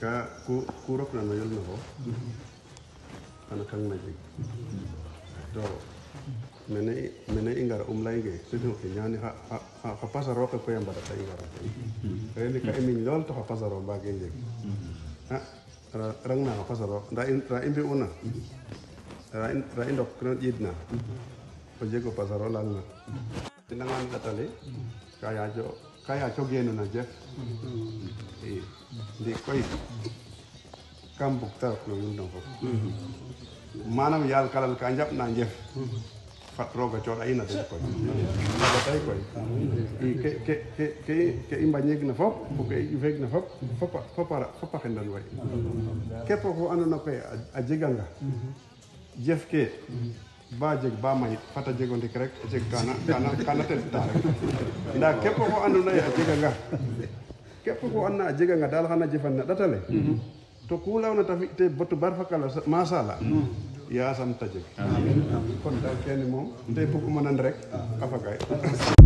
ka ku ku rok na yol na ho kana kang na jik do mene mene ingar umlai ge sidi ho kenyani ha ha ha pasar rok ko yang badata ingar ka ni ka emin lol to ha pasar rok ba ge jik ha rang na ha pasar rok da in ra una ra in ra in dok ko je ko pasar rok lal na tinangan katale kaya jo kaya chogienu na je eh, nde koy kam bukta no yum no fof manam yaal kalal ka jaɓ na jef fat rooga cooɗa in a den koy oga tay koy i ke i mbañeegna fop fo ke i feegna fop fop a xendan way kep oxu andoona koy a jeganga jef ke ba jeg ba mayit fata jego ndik rek e jeg kaana kaana ten ta ndaa képp ko andoona yee a jega nga képp ko andona a jega nga daal xana jëfan na ɗatale to ku lawna ta fi te botu bar fakala masala yaasam ta jeg kon daal keene moom rek a fagaay